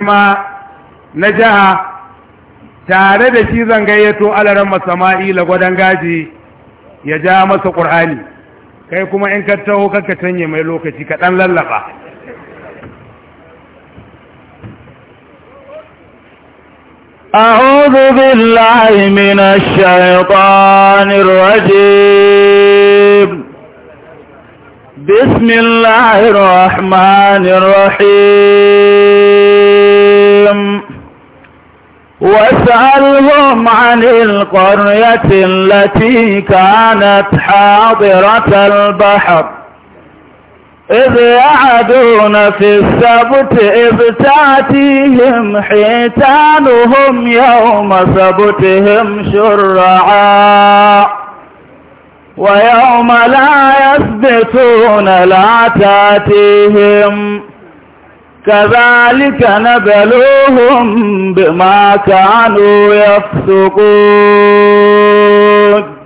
ma na jiha tare da shi zan gayyato alaran la gwadon gaji ya ja masa ƙur'ani kai kuma in ka taho kanka canye mai lokaci ka ɗan lallaba أعوذ بالله من الشيطان الرجيم بسم الله الرحمن الرحيم بهم واسألهم عن القرية التي كانت حاضرة البحر إذ يعدون في السبت إذ تأتيهم حيتانهم يوم سبتهم شرعا ويوم لا يثبتون لا تأتيهم كذلك نبلوهم بما كانوا يفسقون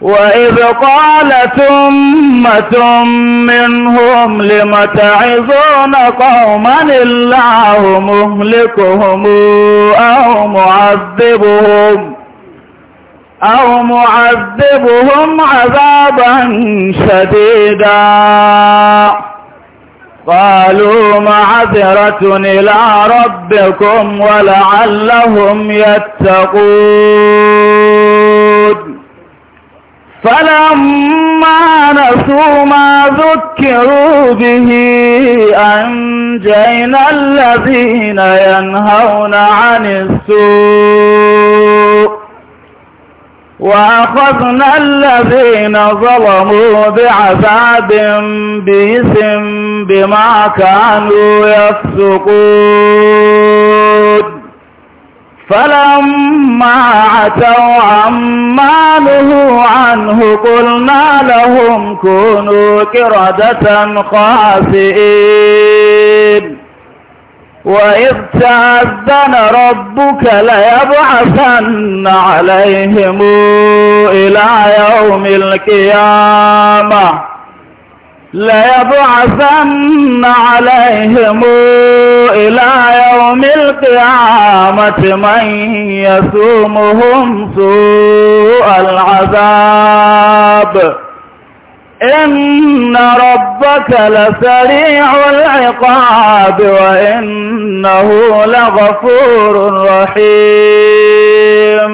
وإذ قالت أمة منهم لم تعظون قوما الله مهلكهم أو معذبهم أو معذبهم عذابا شديدا قالوا معذرة إلى ربكم ولعلهم يتقون فلما نسوا ما ذكروا به أنجينا الذين ينهون عن السوء وأخذنا الذين ظلموا بعذاب بئس بما كانوا يفسقون فلما عتوا عما نهوا عنه قلنا لهم كونوا كردة خاسئين وإذ تعذن ربك ليبعثن عليهم إلى يوم القيامة ليبعثن عليهم إلى يوم القيامة من يسومهم سوء العذاب إن ربك لسريع العقاب وإنه لغفور رحيم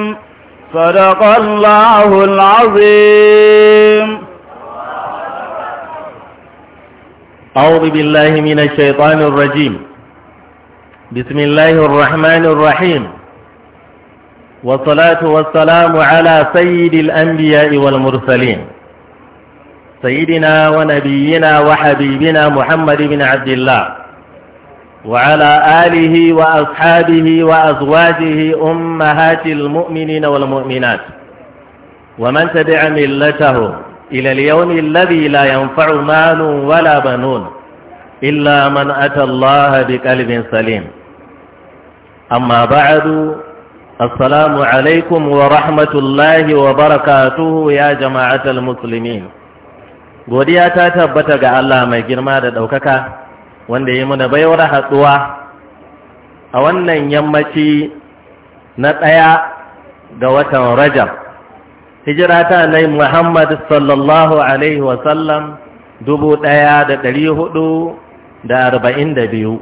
صدق الله العظيم أعوذ بالله من الشيطان الرجيم بسم الله الرحمن الرحيم والصلاة والسلام على سيد الأنبياء والمرسلين سيدنا ونبينا وحبيبنا محمد بن عبد الله وعلى آله وأصحابه وأزواجه أمهات المؤمنين والمؤمنات ومن تبع ملته إلى اليوم الذي لا ينفع مال ولا بنون إلا من أتى الله بقلب سليم أما بعد السلام عليكم ورحمة الله وبركاته يا جماعة المسلمين godiya ta tabbata ga Allah mai girma da ɗaukaka wanda yi mana baiwar hatsuwa a wannan yammaci na ɗaya ga watan rajab hijira ta nai muhammad sallallahu alaihi wasallam dubu ɗaya da ɗari hudu da arba'in da biyu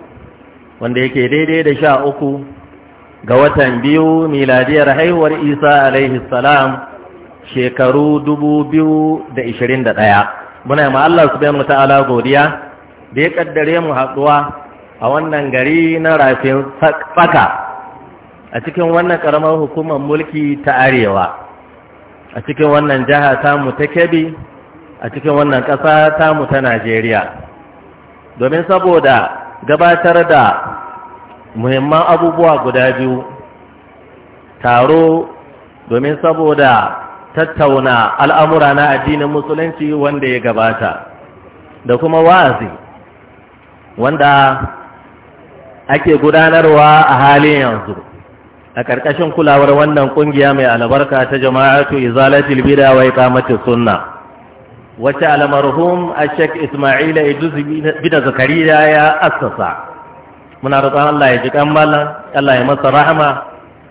wanda yake daidai da sha uku ga watan biyu miladiyar haihuwar isa alaihi shekaru dubu biyu da ishirin da ɗaya muna ma Allah subhanahu wataala godiya da ya kaddare mu haɗuwa a wannan gari na rafin faka, a cikin wannan ƙaramar hukumar mulki ta arewa a cikin wannan jiha tamu ta kebi a cikin wannan ƙasa tamu ta najeriya domin saboda gabatar da muhimman abubuwa guda biyu taro domin saboda tattauna al'amura na addinin musulunci wanda ya gabata da kuma wazi wanda ake gudanarwa a halin yanzu a ƙarƙashin kulawar wannan ƙungiya mai albarka ta jama'atu izalatul bida wai iqamatus sunna wacce almarhum ashek isma'ila idris bin zakariya ya assasa muna roƙon Allah ya ji kammala, Allah ya masa rahama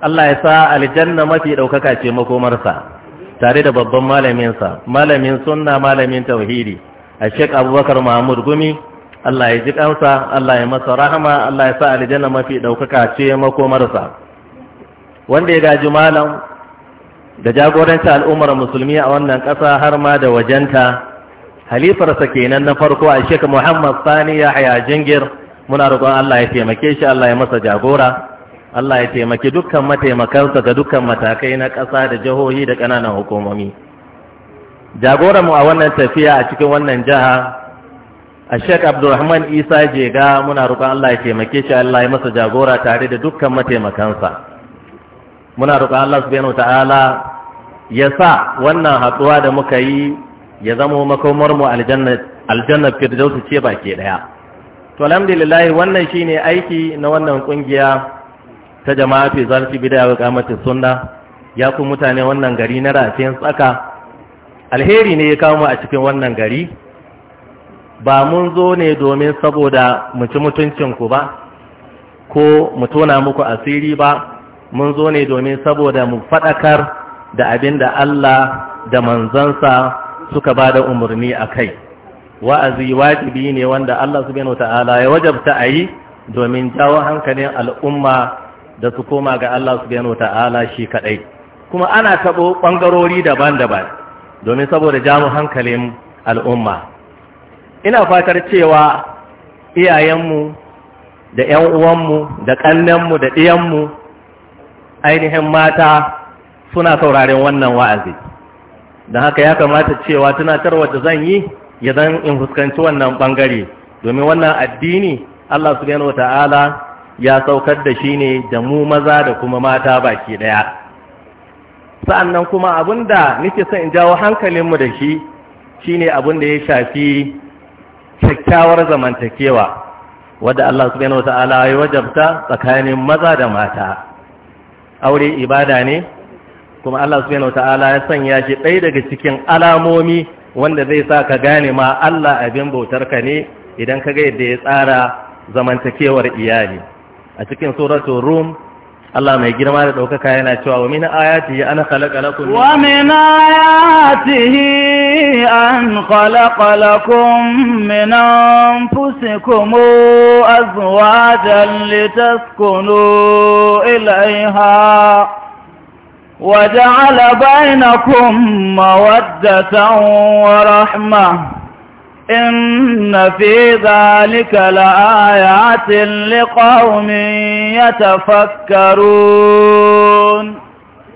Allah ya sa aljanna mafi ɗaukaka ce makomarsa tare da babban malaminsa malamin sunna malamin tauhidi a sheik abubakar mahmud gumi allah ya ji kansa allah ya masa rahama allah ya sa aljanna mafi ɗaukaka ce makomarsa wanda ya gaji malam da jagoranci al'ummar musulmi a wannan ƙasa har ma da wajenta halifarsa kenan na farko a sheik muhammad sani ya haya jingir muna roƙon allah ya taimake shi allah ya masa jagora Allah ya taimaki dukkan mataimakansa ga dukkan matakai na ƙasa da jihohi da ƙananan hukumomi mu a wannan tafiya a cikin wannan jiha a shek abdulrahman isa jega muna roƙon Allah ya taimake shi Allah ya masa jagora tare da dukkan mataimakansa muna roƙon Allah subhanahu ta'ala ya sa wannan hatsuwa da muka yi ya zamo makomarmu aljannar firdausu ce baki ɗaya to alhamdulillah wannan shine aiki na wannan ƙungiya ta jama'a fi zarfi bid'a wa qamati sunna ya ku mutane wannan gari na rafin tsaka alheri ne ya kawo mu a cikin wannan gari ba mun zo ne domin saboda mu ci mutuncin ku ba ko mu tona muku asiri ba mun zo ne domin saboda mu fadakar da abin da Allah da manzansa suka ba da umarni a kai wa'azi wajibi ne wanda Allah subhanahu wata'ala ya wajabta a yi domin jawo hankalin al'umma da su koma ga Allah subhanahu ta'ala shi kaɗai. kuma ana taɓo ɓangarori daban-daban domin saboda jamu hankalin al'umma ina fatar cewa iyayenmu da 'yan'uwanmu da ƙannenmu da ɗiyanmu ainihin mata suna sauraren wannan wa'azi don haka ya kamata cewa tunatar wata zan yi ya zan in fuskanci wannan ɓangare. domin wannan addini Allah subhanahu ta'ala. ya saukar da shi ne da mu maza da kuma mata baki ɗaya sa'annan kuma abin da nake son in jawo hankalinmu da shi shi ne abin da ya shafi kyakkyawar zamantakewa wadda Allah subhanahu wata'ala ya wajabta tsakanin maza da mata aure ibada ne kuma Allah subhanahu wata'ala ya sanya shi ɗaya daga cikin alamomi wanda zai sa ka gane ma Allah abin bautarka ne idan ka ga yadda ya tsara zamantakewar iyali a cikin suratul rum Allah mai girma da ɗaukaka yana cewa wa min ayatihi an khalaqa lakum wa min ayatihi an khalaqa lakum min anfusikum azwajan litaskunu ilayha وجعل بينكم مودة ورحمة إن في ذلك لآيات لقوم يتفكرون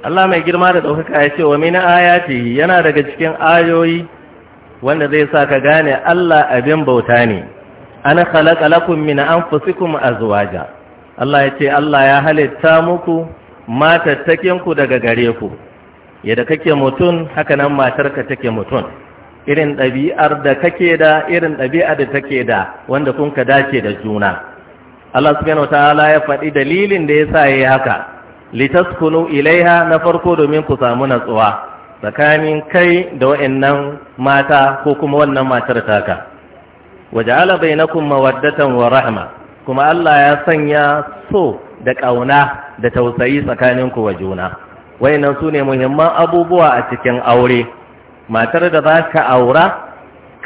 Allah mai girma da ɗaukaka ya ce wa mini ayati yana daga cikin ayoyi wanda zai sa ka gane Allah abin bauta ne an khalaqa lakum min anfusikum azwaja Allah ya ce Allah ya halitta muku matattakinku daga gare ku yadda kake mutum haka nan matarka take mutum irin ɗabi'ar da kake da irin ɗabi'ar da take da wanda kun ka dace da juna Allah subhanahu wataala ya faɗi dalilin da yasa yayi haka litaskunu ilaiha na farko domin ku samu natsuwa tsakanin kai da wa'annan mata ko kuma wannan matar taka na bainakum mawaddatan wa rahma kuma Allah ya sanya so da ƙauna da tausayi tsakaninku wa juna wayannan sune muhimman abubuwa a cikin aure matar da za ka aura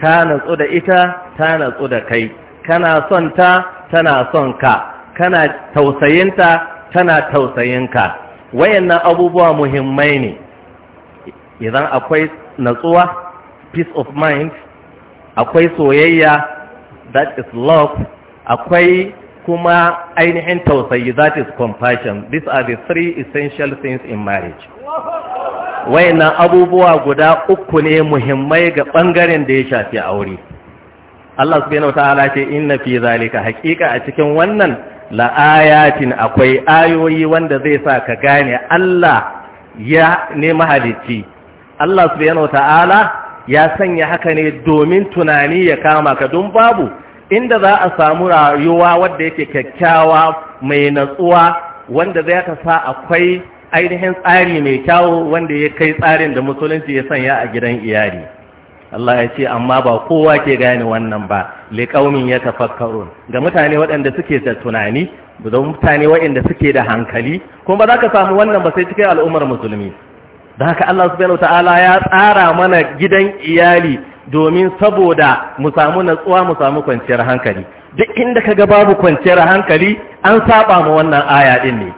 ka natsu da ita ta natsu da kai kana son ta tana son ka kana tausayinta tana tausayinka wayannan abubuwa muhimmai ne idan akwai natsuwa peace of mind akwai soyayya that is love akwai kuma ainihin tausayi that is compassion these are the three essential things in marriage wayannan abubuwa guda uku ne muhimmai ga ɓangaren da ya shafi aure Allah subhanahu wataala ce inna fi zalika haqiqa a cikin wannan la akwai ayoyi wanda zai sa ka gane Allah ya ne mahalicci Allah subhanahu ta'ala ya sanya haka ne domin tunani ya kama ka don babu inda za a samu rayuwa wadda yake kyakkyawa mai natsuwa wanda zai ka sa akwai ainihin tsari mai kyawo wanda ya kai tsarin da musulunci ya sanya a gidan iyali Allah ya ce amma ba kowa ke gane wannan ba liƙaumin ya tafakkarun ga mutane waɗanda suke da tunani da mutane waɗanda suke da hankali kuma ba za ka samu wannan ba sai cikin al'ummar musulmi da haka Allah ta'ala ya tsara mana gidan iyali domin saboda mu samu natsuwa mu samu kwanciyar hankali duk inda ka ga babu kwanciyar hankali an saba ma wannan aya din ne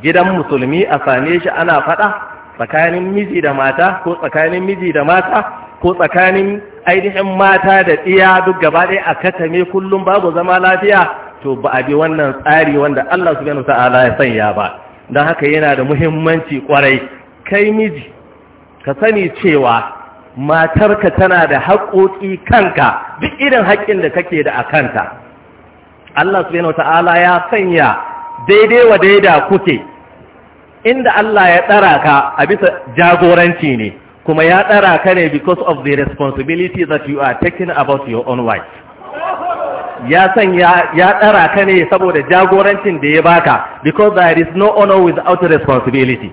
gidan musulmi a same shi ana faɗa tsakanin miji da mata ko tsakanin miji da mata ko tsakanin ainihin mata da tsiya duk gaba ɗaya a katame kullum babu zama lafiya to ba a bi wannan tsari wanda Allah gani ta'ala ya sanya ba don haka yana da muhimmanci kwarai kai miji ka sani cewa matarka tana da haƙoƙi kanka duk irin haƙƙin da kake da a kanta Allah subhanahu ta'ala ya sanya daidai wa daida kuke inda Allah ya tsara ka a bisa jagoranci ne kuma ya tsara ka ne because of the responsibility that you are taking about your own wife ya san ya tsara ka ne saboda jagorancin da ya baka because there is no honor without responsibility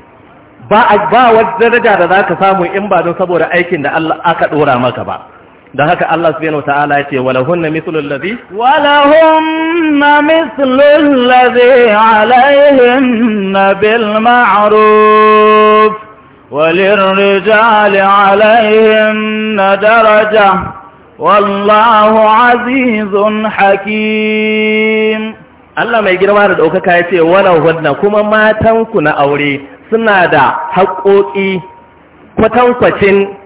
ba ba wata daraja da ka samu in ba don saboda aikin da Allah aka dora maka ba Da haka Allah subhanahu ta'ala ya ce walahunna mislul ladhi walahunna mislul ladhi alaihim bil ma'ruf walirrijali alaihim daraja wallahu azizun hakim Allah mai girma da daukaka ya ce walahunna kuma matanku na aure suna da haƙoƙi kwatankwacin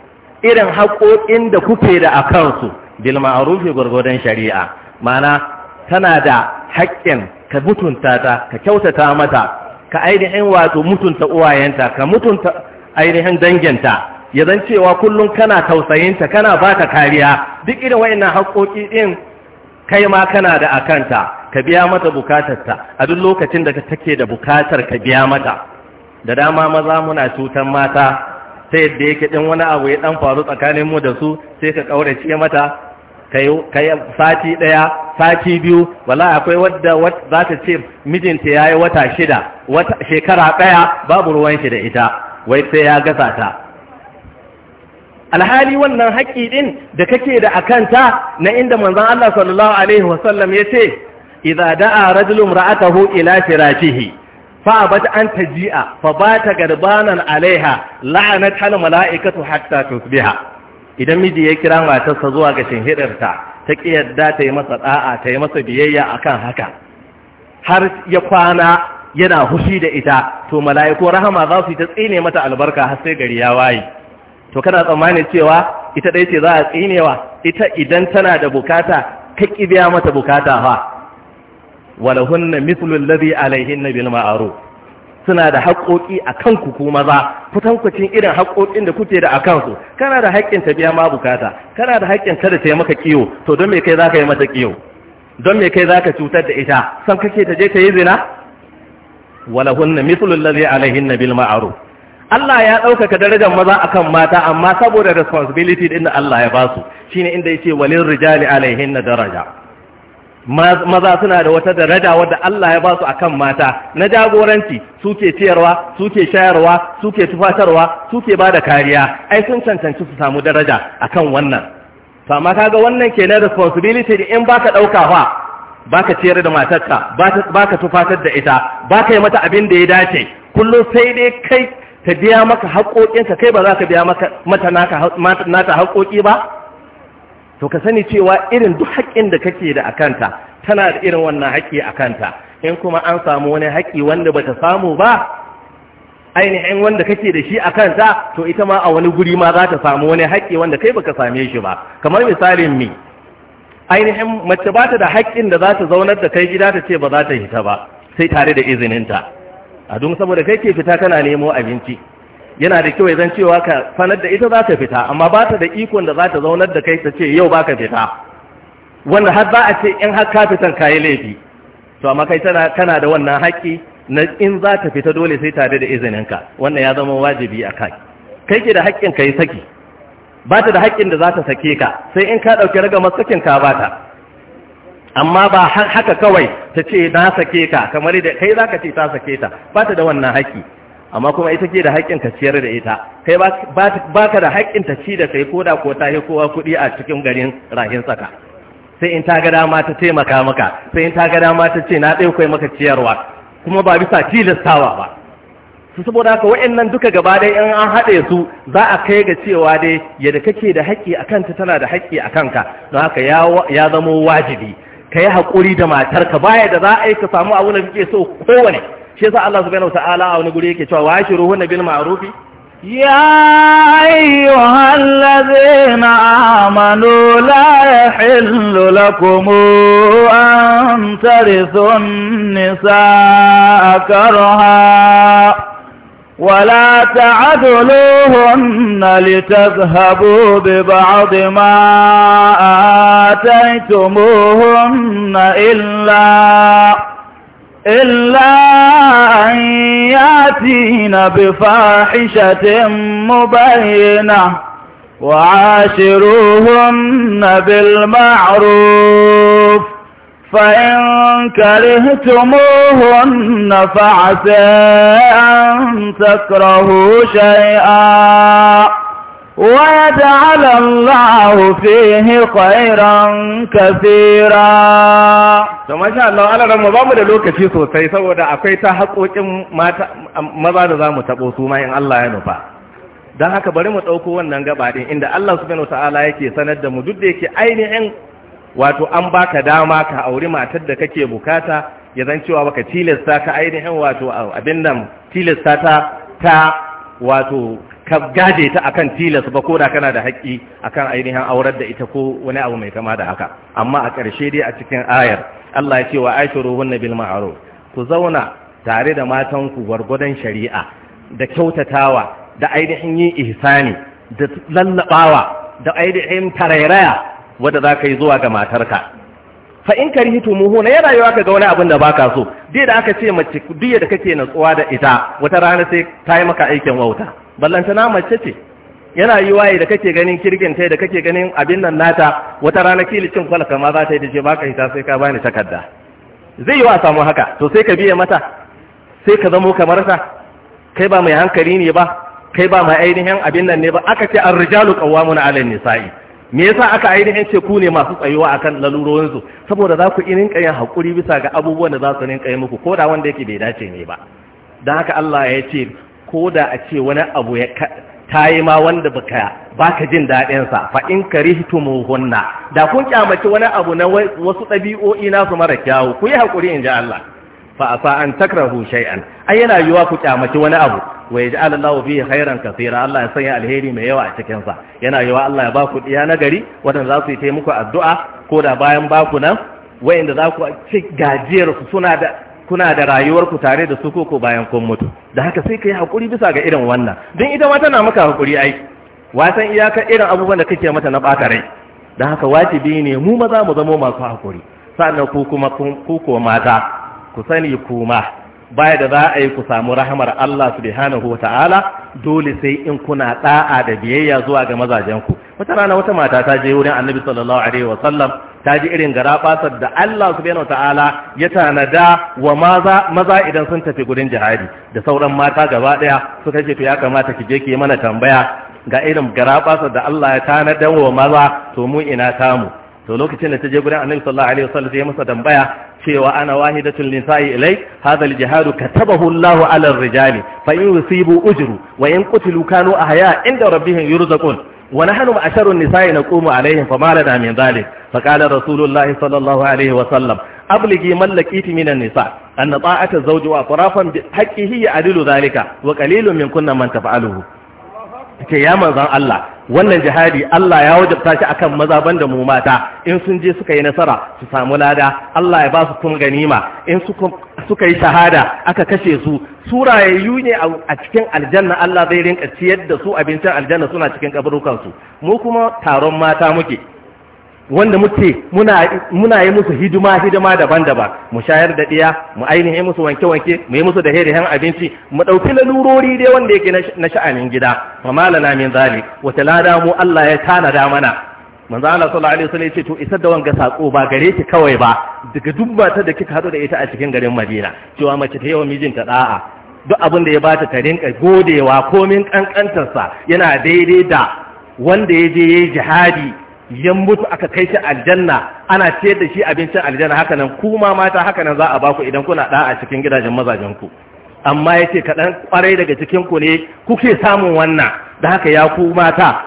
irin haƙoƙin da kuke da a kansu bil rufe gwargwadon shari'a ma'ana tana da haƙƙin ka mutunta ta ka kyautata mata ka ainihin wato mutunta uwayenta ka mutunta ainihin danginta ya zan cewa kullum kana tausayinta kana ba ta kariya duk irin wa'annan haƙoƙi ɗin kai ma kana da akanta ka biya mata bukatarta a duk lokacin da take da bukatar ka biya mata da dama maza muna cutar mata ta yadda yake ɗin wani abu ya ɗan faru tsakanin mu da su sai ka ƙaurace mata ka yi sati ɗaya sati biyu wala akwai wadda za ta ce mijinta ya yi wata shida shekara ɗaya babu ruwan shi da ita wai sai ya gasa ta alhali wannan haƙƙi ɗin da kake da akanta na inda manzan Allah sallallahu alaihi wasallam ya ce idza da'a rajulun ra'atahu ila firafihi. fa bata an taji'a fa bata garbanan alaiha la'anat hal mala'ikatu hatta tusbiha idan miji ya kira matarsa zuwa ga shinhidarta ta yadda ta yi masa da'a ta yi masa biyayya akan haka har ya kwana yana hushi da ita to mala'iku rahama za su ta tsine mata albarka har sai gari ya waye to kana tsammani cewa ita dai ce za a tsinewa ita idan tana da bukata ka kibiya mata bukata fa walahunna mithlu alladhi alaihinna bil ma'ruf suna da haƙoƙi a kanku ku maza kutankucin irin haƙoƙin da kuke da a kansu kana da haƙƙin ta biya ma bukata kana da haƙƙin ta da ta yi maka kiyo to don me kai za ka yi mata kiyo don me kai za ka cutar da ita san kake ta je ta yi zina walahunna mithlu alladhi alaihinna bil ma'ruf Allah ya ɗaukaka darajar maza akan mata amma saboda responsibility din da Allah ya basu shine inda ce walil rijali alaihinna daraja maza suna da wata daraja wadda Allah ya ba su akan mata na jagoranci suke ciyarwa suke shayarwa suke tufatarwa suke bada kariya ai sun cancanci su samu daraja akan wannan amma kaga wannan kenan responsibility da in baka dauka fa baka ciyar da matarka baka tufatar da ita baka yi mata abin da ya dace kullum sai dai kai ta biya maka haƙoƙinka kai ba za ka biya mata nata haƙoƙi ba to ka sani cewa irin duk haƙƙin da kake da akanta tana da irin wannan haƙƙi akanta in kuma an samu wani haƙƙi wanda ba ta samu ba ainihin wanda kake da shi a to ita ma a wani guri ma za ta samu wani haƙƙi wanda kai baka same shi ba kamar misalin mi ainihin mace ba ta da haƙƙin da za ta zaunar da kai gida ta ce ba za ta hita ba sai tare da izininta a dun saboda kai ke fita kana nemo abinci yana da kyau zan cewa ka sanar da ita za ta fita amma ba ta da ikon da za ta zaunar da kai ta ce yau ba ka fita wanda har za a ce in har ka fitan ka yi laifi to amma kai tana da wannan haƙƙi na in za ta fita dole sai tare da izininka wannan ya zama wajibi a kai kai ke da haƙƙin ka yi saki ba ta da haƙƙin da za ta sake ka sai in ka ɗauki raga sakin ka ba ta amma ba haka kawai ta ce na sake ka kamar da kai za ka ce ta sake ta ba ta da wannan haƙƙi amma kuma ita ke da haƙƙin ta ciyar da ita kai ba ka da haƙƙin ta ci da kai ko da ko ta yi kowa kuɗi a cikin garin rahin tsaka sai in ta ga dama ta taimaka maka sai in ta ga dama ta ce na kai maka ciyarwa kuma ba bisa tilastawa ba su saboda haka wa'annan duka gaba dai in an haɗe su za a kai ga cewa dai yadda kake da haƙƙi a kanta tana da haƙƙi a kanka don haka ya zamo wajibi ka yi haƙuri da matarka baya da za a yi ka samu abu da kake so kowane shi yasa Allah subhanahu wataala a wani guri yake cewa washiruhu nabil ma'rufi ya ayyuhal ladzina amanu la yahillu lakum an tarithun nisaa karha ولا تعدلوهن لتذهبوا ببعض ما آتيتموهن إلا إلا أن يأتين بفاحشة مبينة وعاشروهن بالمعروف فإن كرهتموهن فعسى أن تكرهوا شيئا ويجعل الله فيه خيرا كثيرا to masha Allah Allah ran ba mu da lokaci sosai saboda akwai ta haƙoƙin maza da zamu tabo su ma in Allah ya nufa dan haka bari mu dauko wannan gabaɗin, inda Allah subhanahu wataala yake sanar da mu duk da yake ainihin wato an baka dama ka auri matar da kake bukata ya zan cewa baka tilasta ka ainihin wato abin nan tilasta ta wato ka gaje ta akan tilas ba ko da kana da haƙƙi akan ainihin aurar da ita ko wani abu mai kama da haka amma a ƙarshe dai a cikin ayar Allah ya ce wa aishuruhunna bil ma'ruf ku zauna tare da matanku gwargwadon shari'a da kyautatawa da ainihin yin ihsani da lallabawa da ainihin tarairaya wanda za ka yi zuwa ga matarka fa in muhu na yana yawa ka ga wani abin da baka so dai da aka ce mace duk da kake natsuwa da ita wata rana sai ta yi maka aikin wauta ballantana mace ce yana yi waye da kake ganin kirgin tai da kake ganin abin nan nata wata rana cin kwalaka ma za ta yi ta ce ba ka hita sai ka bani takarda zai yi wa samu haka to sai ka biya mata sai ka zamo kamar sa kai ba mai hankali ne ba kai ba mai ainihin abin nan ne ba aka ce an rijalu qawwamuna 'ala nisai me yasa aka ainihin ce ku ne masu tsayuwa akan lalurorin su saboda za ku irin yin hakuri bisa ga abubuwan da za su rinka yi muku ko da wanda yake bai dace ne ba dan haka Allah ya ce ko da a ce wani abu ya ta yi ma wanda baka ka jin daɗinsa fa in ka mu hunna da kun kyamaci wani abu na wasu ɗabi'o'i na su mara kyawu ku yi haƙuri in ji Allah fa a an takrahu shay'an ai yana yiwa ku kyamaci wani abu wa yaj'al ya fihi khairan kaseera Allah ya sanya alheri mai yawa a cikin sa yana yiwa Allah ya ba ku diya na gari wadanda za su yi taimako addu'a ko da bayan ba ku nan wayanda za ku ci gajiyar su suna da kuna da rayuwar ku tare da su koko bayan kun mutu da haka sai ka yi bisa ga irin wannan don ita ma tana maka haƙuri ai wasan iyaka irin abubuwan da kake mata na ɓata rai da haka wajibi ne mu maza mu zama masu haƙuri sannan ku kuma ku ko mata ku sani kuma baya da za a yi ku samu rahmar Allah subhanahu wataala ta'ala dole sai in kuna da'a da biyayya zuwa ga mazajenku wata rana wata mata ta je wurin annabi sallallahu alaihi wasallam ta ji irin garabasar da Allah subhanahu ta'ala ya tanada wa maza maza idan sun tafi gurin jihadi da sauran mata gaba daya suka ce to ya kamata ki je ki mana tambaya ga irin garaɓasar da Allah ya tanada wa maza to mu ina tamu to lokacin da ta je gurin Annabi sallallahu alaihi wasallam sai masa tambaya cewa ana wahidatul nisa'i ilai hadha al-jihadu katabahu Allah ala ar-rijali fa in yusibu ujru wa in qutilu kanu ahya inda rabbihim yurzaqun ونحن معشر النساء نقوم عليهم فما لنا من ذلك فقال رسول الله صلى الله عليه وسلم أبلغي من لقيت من النساء أن طاعة الزوج وأطرافا بحقه يعدل ذلك وقليل من كنا من تفعله ce ya manzan Allah wannan jihadi Allah ya wajabta shi akan maza banda mu mata in sun je suka yi nasara su samu lada Allah ya ba su kun ganima in suka yi shahada aka kashe su yi ne a cikin aljanna Allah zai rinka ciyar da su abincin aljanna suna cikin kaburukan su mu kuma taron mata muke wanda muke muna yi musu hidima hidima daban-daban mu shayar da ɗiya mu ainihi musu wanke-wanke mu yi musu da hen abinci mu ɗauki lalurori dai wanda yake na sha'anin gida wa na min zali wata lada mu Allah ya tanada mana manzo Allah sallallahu alaihi wasallam ce, to isar da wanga sako ba gare ki kawai ba daga duk mata da kika hado da ita a cikin garin Madina cewa mace ta yawan mijinta da'a duk abin da ya bata ta rinka godewa komin kankantarsa yana daidai da wanda ya je yayi jihadi ya mutu aka kai shi aljanna ana ciyar da shi abincin aljanna haka nan kuma mata haka za a baku idan kuna da a cikin gidajen mazajenku amma yace kaɗan kwarai daga cikin ku ne kuke samun wannan da haka ya ku mata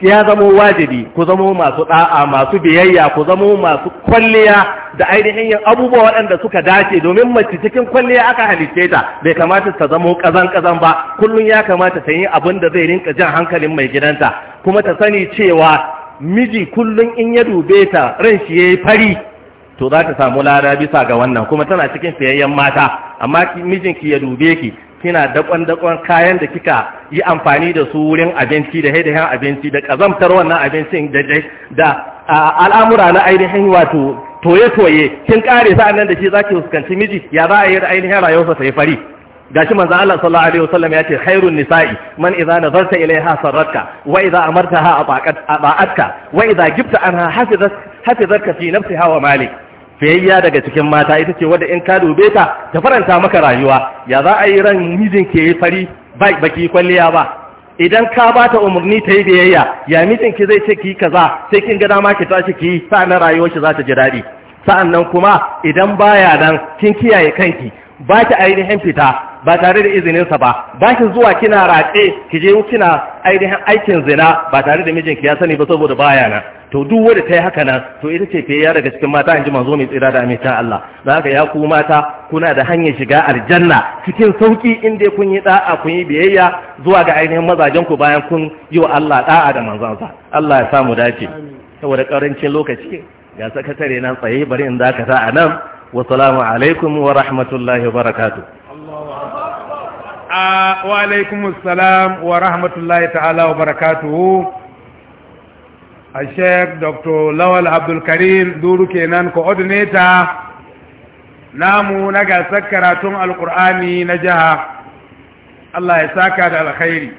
ya zamo wajibi ku zamo masu da'a masu biyayya ku zamo masu kwalliya da ainihin yin abubuwa waɗanda suka dace domin mace cikin kwalliya aka halice ta bai kamata ta zamo kazan kazan ba kullum ya kamata ta yi abin da zai rinka jan hankalin mai gidanta kuma ta sani cewa miji kullum in ya dube ta ran shi yayi fari to za ta samu lada bisa ga wannan kuma tana cikin sayayyen mata amma mijinki ya dube ki kina dakon dakon kayan da kika yi amfani da su wurin abinci da han abinci da kazamtar wannan abincin da da al'amura na ainihin wato toye toye kin kare sa'an nan da shi zaki fuskanci miji ya za a yi da ainihin rayuwarsa sai fari gashi manzo Allah sallallahu alaihi wasallam ya ce khairun nisa'i man idza nazarta ilaiha sarratka wa idza amartaha abaatka wa idza gibta anha hafizat hafizatka fi nafsiha wa malik fiyayya daga cikin mata ita ce wadda in ka dube ta ta faranta maka rayuwa ya za a yi ran mijin ke yi fari baki kwalliya ba idan ka ba ta umarni ta yi biyayya ya mijin ki zai ce ki kaza sai kin ga dama ki tashi ki sa'an rayuwar shi za ta ji daɗi sa'an nan kuma idan baya nan kin kiyaye kanki ba ki ainihin fita ba tare da izininsa ba ba ki zuwa kina ratse ki je kina ainihin aikin zina ba tare da mijinki ya sani ba saboda baya nan to duk wanda ta yi haka nan to ita ce fiye daga cikin mata in ji manzo mai tsira da aminta Allah da haka ya ku mata kuna da hanyar shiga aljanna cikin sauki in dai kun yi da'a kun yi biyayya zuwa ga ainihin mazajen ku bayan kun yi wa Allah da'a da manzansa Allah ya samu dace saboda karancin lokaci ga sakatare na tsaye bari in dakata a nan wasalamu alaikum wa rahmatullahi wa barakatu wa alaikum salam wa rahmatullahi ta'ala wa barakatuhu a sheik dr lawal abdulkarim duru kenan coordinator namu na gasar karatun alkur'ani na jiha allah ya saka da alkhairi